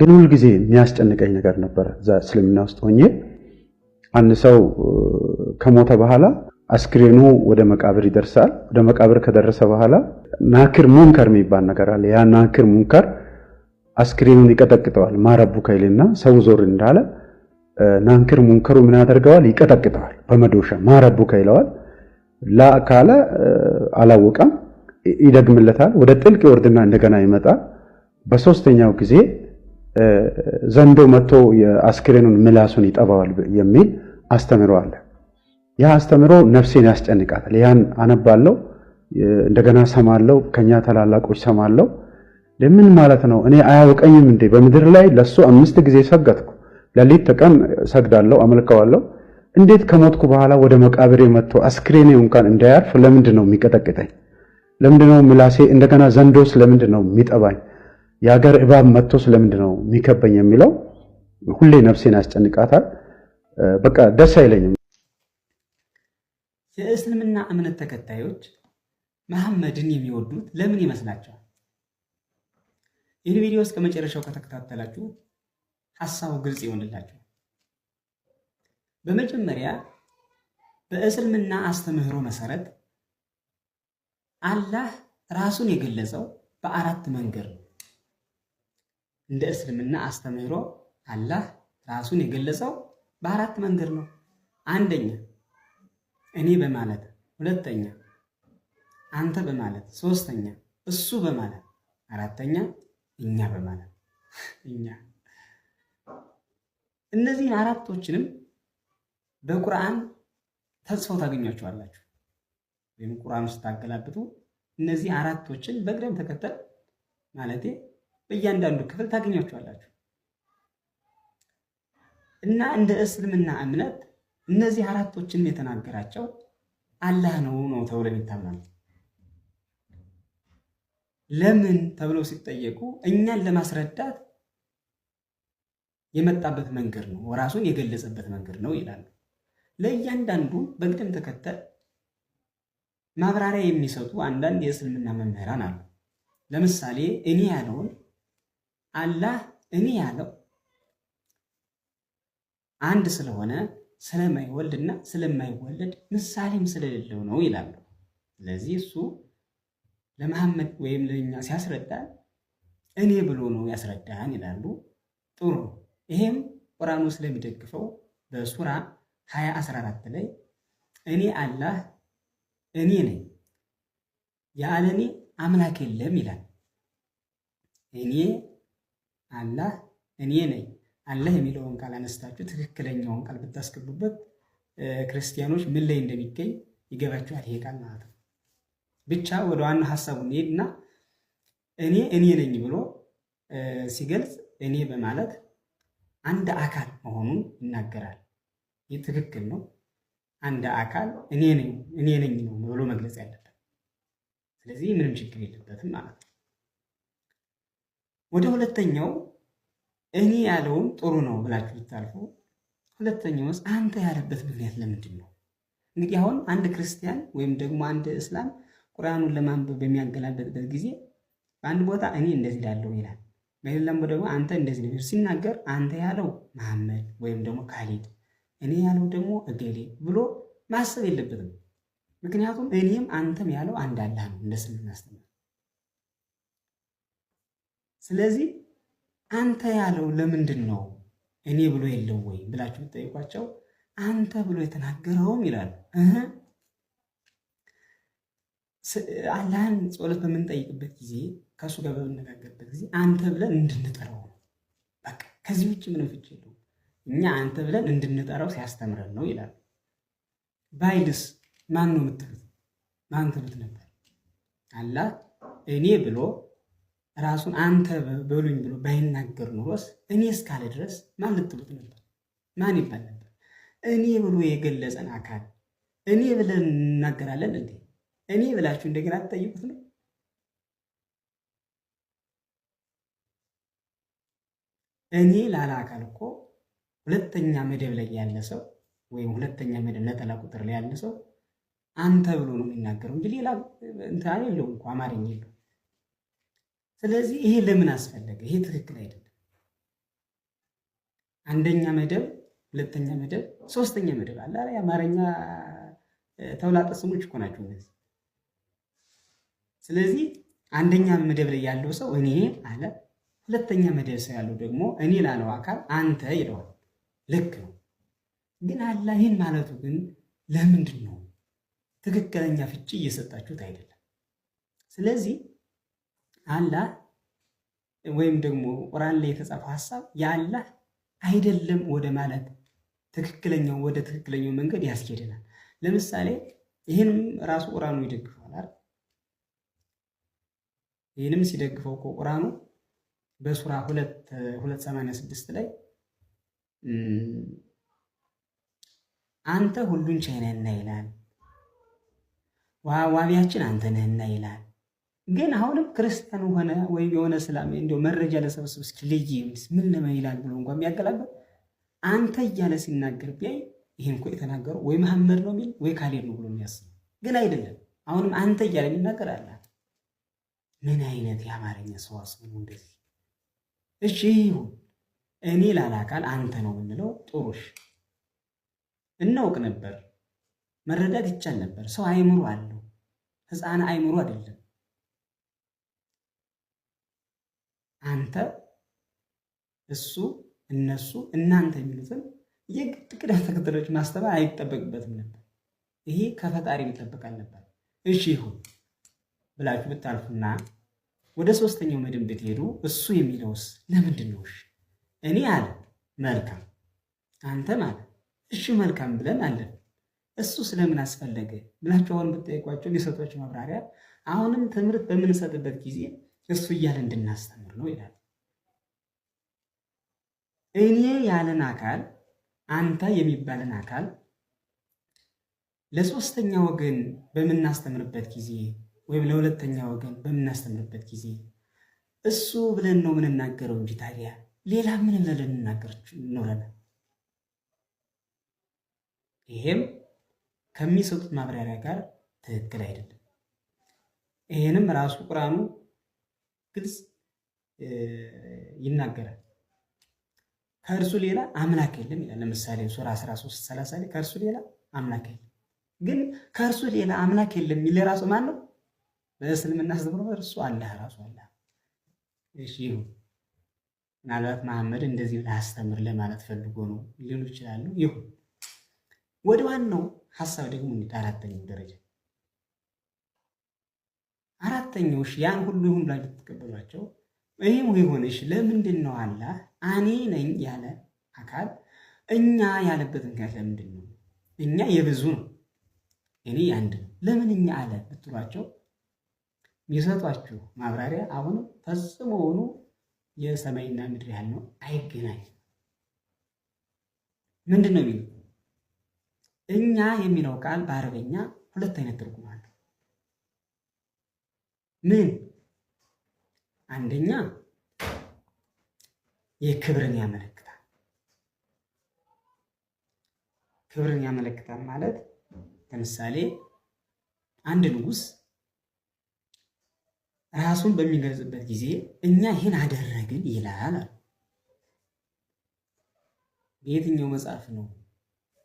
ግን ሁልጊዜ የሚያስጨንቀኝ ነገር ነበረ። እዛ እስልምና ውስጥ ሆኜ አንድ ሰው ከሞተ በኋላ አስክሬኑ ወደ መቃብር ይደርሳል። ወደ መቃብር ከደረሰ በኋላ ናክር ሙንከር የሚባል ነገር አለ። ያ ናክር ሙንከር አስክሬኑን ይቀጠቅጠዋል። ማረቡ ከይልና ሰው ዞር እንዳለ ናንክር ሙንከሩ ምን ያደርገዋል? ይቀጠቅጠዋል በመዶሻ ማረቡ ከይለዋል። ላ ካለ አላወቀም፣ ይደግምለታል። ወደ ጥልቅ ወርድና እንደገና ይመጣል። በሶስተኛው ጊዜ ዘንዶ መጥቶ የአስክሬኑን ምላሱን ይጠባዋል የሚል አስተምሮ አለ። ያ አስተምሮ ነፍሴን ያስጨንቃታል። ያን አነባለው፣ እንደገና ሰማለው፣ ከኛ ታላላቆች ሰማለው። ለምን ማለት ነው? እኔ አያውቀኝም እንዴ? በምድር ላይ ለሱ አምስት ጊዜ ሰገድኩ። ለሊት ተቀን ሰግዳለው፣ አመልከዋለው። እንዴት ከሞትኩ በኋላ ወደ መቃብሬ መጥቶ አስክሬኔ እንኳን እንዳያርፍ ለምንድን ነው የሚቀጠቅጠኝ? ለምንድን ነው ምላሴ እንደገና ዘንዶስ ለምንድን ነው የሚጠባኝ? የሀገር እባብ መጥቶ ስለምንድን ነው የሚከበኝ የሚለው ሁሌ ነፍሴን ያስጨንቃታል። በቃ ደስ አይለኝም። የእስልምና እምነት ተከታዮች መሐመድን የሚወዱት ለምን ይመስላቸዋል? ይህን ቪዲዮ እስከ መጨረሻው ከተከታተላችሁ ሀሳቡ ግልጽ ይሆንላችሁ። በመጀመሪያ በእስልምና አስተምህሮ መሰረት አላህ ራሱን የገለጸው በአራት መንገድ ነው። እንደ እስልምና አስተምህሮ አላህ ራሱን የገለጸው በአራት መንገድ ነው። አንደኛ እኔ በማለት ሁለተኛ አንተ በማለት ሶስተኛ እሱ በማለት አራተኛ እኛ በማለት እኛ። እነዚህን አራቶችንም በቁርአን ተጽፈው ታገኟቸዋላችሁ። ወይም ቁርአን ውስጥ እነዚህ አራቶችን በቅደም ተከተል ማለቴ በእያንዳንዱ ክፍል ታገኛቸዋላችሁ። እና እንደ እስልምና እምነት እነዚህ አራቶችን የተናገራቸው አላህ ነው ነው ተብሎ ይታምናል። ለምን ተብለው ሲጠየቁ እኛን ለማስረዳት የመጣበት መንገድ ነው፣ ራሱን የገለጸበት መንገድ ነው ይላሉ። ለእያንዳንዱ በቅደም ተከተል ማብራሪያ የሚሰጡ አንዳንድ የእስልምና መምህራን አሉ። ለምሳሌ እኔ ያለውን አላህ እኔ ያለው አንድ ስለሆነ ስለማይወልድና ስለማይወለድ ምሳሌም ስለሌለው ነው ይላሉ። ስለዚህ እሱ ለመሐመድ ወይም ለኛ ሲያስረዳ እኔ ብሎ ነው ያስረዳን ይላሉ። ጥሩ ይሄም ቁርአኑ ስለሚደግፈው በሱራ 214 ላይ እኔ አላህ እኔ ነኝ ያለ እኔ አምላክ የለም ይላል። እኔ አላህ እኔ ነኝ አላህ የሚለውን ቃል አነስታችሁ ትክክለኛውን ቃል ብታስገቡበት ክርስቲያኖች ምን ላይ እንደሚገኝ ይገባችኋል። ይሄ ቃል ማለት ነው። ብቻ ወደ ዋና ሀሳቡ እንሄድና እኔ እኔ ነኝ ብሎ ሲገልጽ እኔ በማለት አንድ አካል መሆኑን ይናገራል። ይህ ትክክል ነው። አንድ አካል እኔ ነኝ ነው ብሎ መግለጽ ያለበት። ስለዚህ ምንም ችግር የለበትም ማለት ነው። ወደ ሁለተኛው እኔ ያለውን ጥሩ ነው ብላችሁ ብታልፉ፣ ሁለተኛው ውስጥ አንተ ያለበት ምክንያት ለምንድን ነው? እንግዲህ አሁን አንድ ክርስቲያን ወይም ደግሞ አንድ እስላም ቁርአኑን ለማንበብ በሚያገላበጥበት ጊዜ በአንድ ቦታ እኔ እንደዚህ ላለው ይላል፣ በሌላም ደግሞ አንተ እንደዚህ ነገር ሲናገር፣ አንተ ያለው መሐመድ ወይም ደግሞ ካሊድ፣ እኔ ያለው ደግሞ እገሌ ብሎ ማሰብ የለበትም። ምክንያቱም እኔም አንተም ያለው አንድ አላህ ነው እንደስምናስተምር ስለዚህ አንተ ያለው ለምንድን ነው እኔ ብሎ የለም ወይ ብላችሁ ብትጠይቋቸው አንተ ብሎ የተናገረውም ይላሉ። አላህን ጸሎት በምንጠይቅበት ጊዜ ከእሱ ጋር በምነጋገርበት ጊዜ አንተ ብለን እንድንጠራው ነው። በቃ ከዚህ ውጭ ምንም ፍቺ የለውም። እኛ አንተ ብለን እንድንጠራው ሲያስተምረን ነው ይላል። ባይልስ ማን ነው የምትሉት? ማን ትሉት ነበር? አላህ እኔ ብሎ ራሱን አንተ በሉኝ ብሎ ባይናገር ኑሮስ እኔ እስካለ ድረስ ማን ልትሉት ነበር? ማን ይባል ነበር? እኔ ብሎ የገለጸን አካል እኔ ብለን እናገራለን እንዴ? እኔ ብላችሁ እንደገና ትጠይቁት ነው። እኔ ላለ አካል እኮ ሁለተኛ መደብ ላይ ያለ ሰው ወይም ሁለተኛ መደብ ነጠላ ቁጥር ላይ ያለ ሰው አንተ ብሎ ነው የሚናገረው እንጂ ሌላ እንትን የለው እኮ አማርኛ የለውም። ስለዚህ ይሄ ለምን አስፈለገ? ይሄ ትክክል አይደለም። አንደኛ መደብ፣ ሁለተኛ መደብ፣ ሶስተኛ መደብ አለ። የአማርኛ ተውላጠ ስሞች እኮ ናቸው እነዚህ። ስለዚህ አንደኛ መደብ ላይ ያለው ሰው እኔ አለ፣ ሁለተኛ መደብ ሰው ያለው ደግሞ እኔ ላለው አካል አንተ ይለዋል። ልክ ነው። ግን አላ ይህን ማለቱ ግን ለምንድን ነው? ትክክለኛ ፍቺ እየሰጣችሁት አይደለም። ስለዚህ አላህ ወይም ደግሞ ቁርአን ላይ የተጻፈው ሀሳብ የአላህ አይደለም ወደ ማለት ትክክለኛው ወደ ትክክለኛው መንገድ ያስኬደናል። ለምሳሌ ይህንም ራሱ ቁርአኑ ይደግፈዋል አይደል? ይህንም ሲደግፈው እኮ ቁርአኑ በሱራ 286 ላይ አንተ ሁሉን ቻይና እና ይላል፣ ዋቢያችን አንተ ነህና ይላል ግን አሁንም ክርስቲያን ሆነ ወይም የሆነ ስላም እንዲ መረጃ ለሰብስብ እስኪ ልይ ምን ለመ ይላል ብሎ እንኳ የሚያገላበት አንተ እያለ ሲናገር ቢያይ ይህን እኮ የተናገረው ወይ መሐመድ ነው የሚል ወይ ካሌብ ነው ብሎ የሚያስብ ግን አይደለም። አሁንም አንተ እያለ የሚናገር አለ። ምን አይነት የአማርኛ ሰው ነው እንደዚህ? እሺ ይሁን እኔ ላለ አካል አንተ ነው የምንለው ጥሩሽ እናውቅ ነበር፣ መረዳት ይቻል ነበር። ሰው አይምሮ አለው፣ ህፃን አይምሮ አይደለም። አንተ፣ እሱ፣ እነሱ፣ እናንተ የሚሉትን የግድ ቅደም ተከተሎች ማስተማር አይጠበቅበትም ነበር። ይሄ ከፈጣሪ ሊጠበቅ አልነበር። እሺ ይሁን ብላችሁ ብታልፉና ወደ ሶስተኛው መድን ብትሄዱ እሱ የሚለውስ ለምንድን ነው? እሺ እኔ አለ መልካም፣ አንተ ማለ እሺ መልካም ብለን አለን። እሱ ስለምን አስፈለገ ብላችሁ አሁን ብጠይቋቸው ሊሰጧቸው ማብራሪያ አሁንም ትምህርት በምንሰጥበት ጊዜ እሱ እያለ እንድናስተምር ነው ይላል። እኔ ያለን አካል አንተ የሚባልን አካል ለሶስተኛ ወገን በምናስተምርበት ጊዜ ወይም ለሁለተኛ ወገን በምናስተምርበት ጊዜ እሱ ብለን ነው የምንናገረው እንጂ ታዲያ ሌላ ምን ብለን ልንናገር ይኖረናል? ይሄም ከሚሰጡት ማብራሪያ ጋር ትክክል አይደለም። ይሄንም ራሱ ቁርአኑ ግልጽ ይናገራል። ከእርሱ ሌላ አምላክ የለም ይላል። ለምሳሌ ሱራ 13 30 ላይ ከእርሱ ሌላ አምላክ የለም። ግን ከእርሱ ሌላ አምላክ የለም የሚል ራሱ ማን ነው? በእስልምና አስተምሮ እርሱ አላህ ራሱ አላህ። እሺ ይሁን። ምናልባት መሐመድ እንደዚህ ላስተምር ለማለት ፈልጎ ነው ሊሉ ይችላሉ። ይሁን። ወደ ዋናው ሀሳብ ደግሞ አራተኛው ደረጃ አራተኛው እሺ ያን ሁሉ ይሁን ብላ ተቀበሏቸው። ይህም ይሁን ለምንድን ነው አላ እኔ ነኝ ያለ አካል እኛ ያለበት ምክንያት ለምንድን ነው? እኛ የብዙ ነው፣ እኔ ያንድ ነው። ለምን እኛ አለ ብትሏቸው የሰጧችሁ ማብራሪያ አሁን ፈጽሞ ሆኖ የሰማይና ምድር ያህል ነው፣ አይገናኝም። ምንድን ነው የሚለው እኛ የሚለው ቃል በአረበኛ ሁለት አይነት ትርጉም አለ። ምን አንደኛ የክብርን ያመለክታል። ክብርን ያመለክታል ማለት ለምሳሌ አንድ ንጉስ ራሱን በሚገልጽበት ጊዜ እኛ ይህን አደረግን ይላል። በየትኛው መጽሐፍ ነው?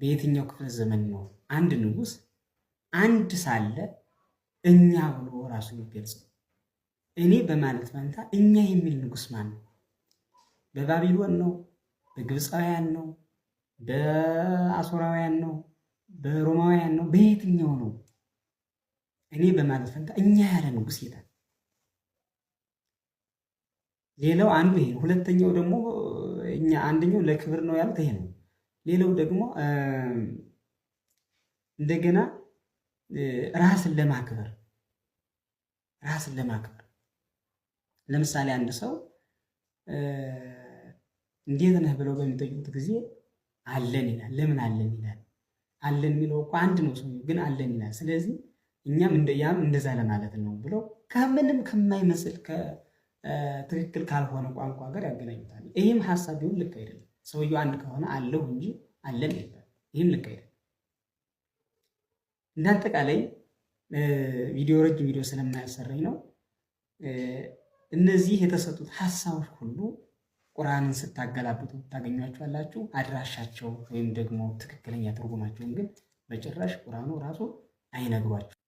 በየትኛው ክፍለ ዘመን ነው አንድ ንጉስ አንድ ሳለ እኛ ብሎ ራሱ የሚገልጽ ነው። እኔ በማለት ፈንታ እኛ የሚል ንጉስ ማን ነው? በባቢሎን ነው? በግብፃውያን ነው? በአሶራውያን ነው? በሮማውያን ነው? በየትኛው ነው? እኔ በማለት ፈንታ እኛ ያለ ንጉስ የታል? ሌላው አንዱ ይሄ ነው። ሁለተኛው ደግሞ እኛ አንደኛው ለክብር ነው ያሉት ይሄ ነው። ሌላው ደግሞ እንደገና ራስን ለማክበር ራስን ለማክበር ለምሳሌ አንድ ሰው እንዴት ነህ ብለው በሚጠይቁት ጊዜ አለን ይላል። ለምን አለን ይላል? አለን የሚለው እኮ አንድ ነው፣ ሰው ግን አለን ይላል። ስለዚህ እኛም እንደያም እንደዛ ለማለት ነው ብለው ከምንም ከማይመስል ከትክክል ካልሆነ ቋንቋ ጋር ያገናኙታል። ይህም ሀሳብ ቢሆን ልክ አይደለም። ሰውየው አንድ ከሆነ አለሁ እንጂ አለን ይባል። ይህም ልክ አይደለም። እንደ አጠቃላይ ቪዲዮ ረጅም ቪዲዮ ስለማያሰራኝ ነው። እነዚህ የተሰጡት ሀሳቦች ሁሉ ቁርአንን ስታገላብጡ ታገኟቸዋላችሁ። አድራሻቸው ወይም ደግሞ ትክክለኛ ትርጉማቸውን ግን በጭራሽ ቁርአኑ ራሱ አይነግሯቸው።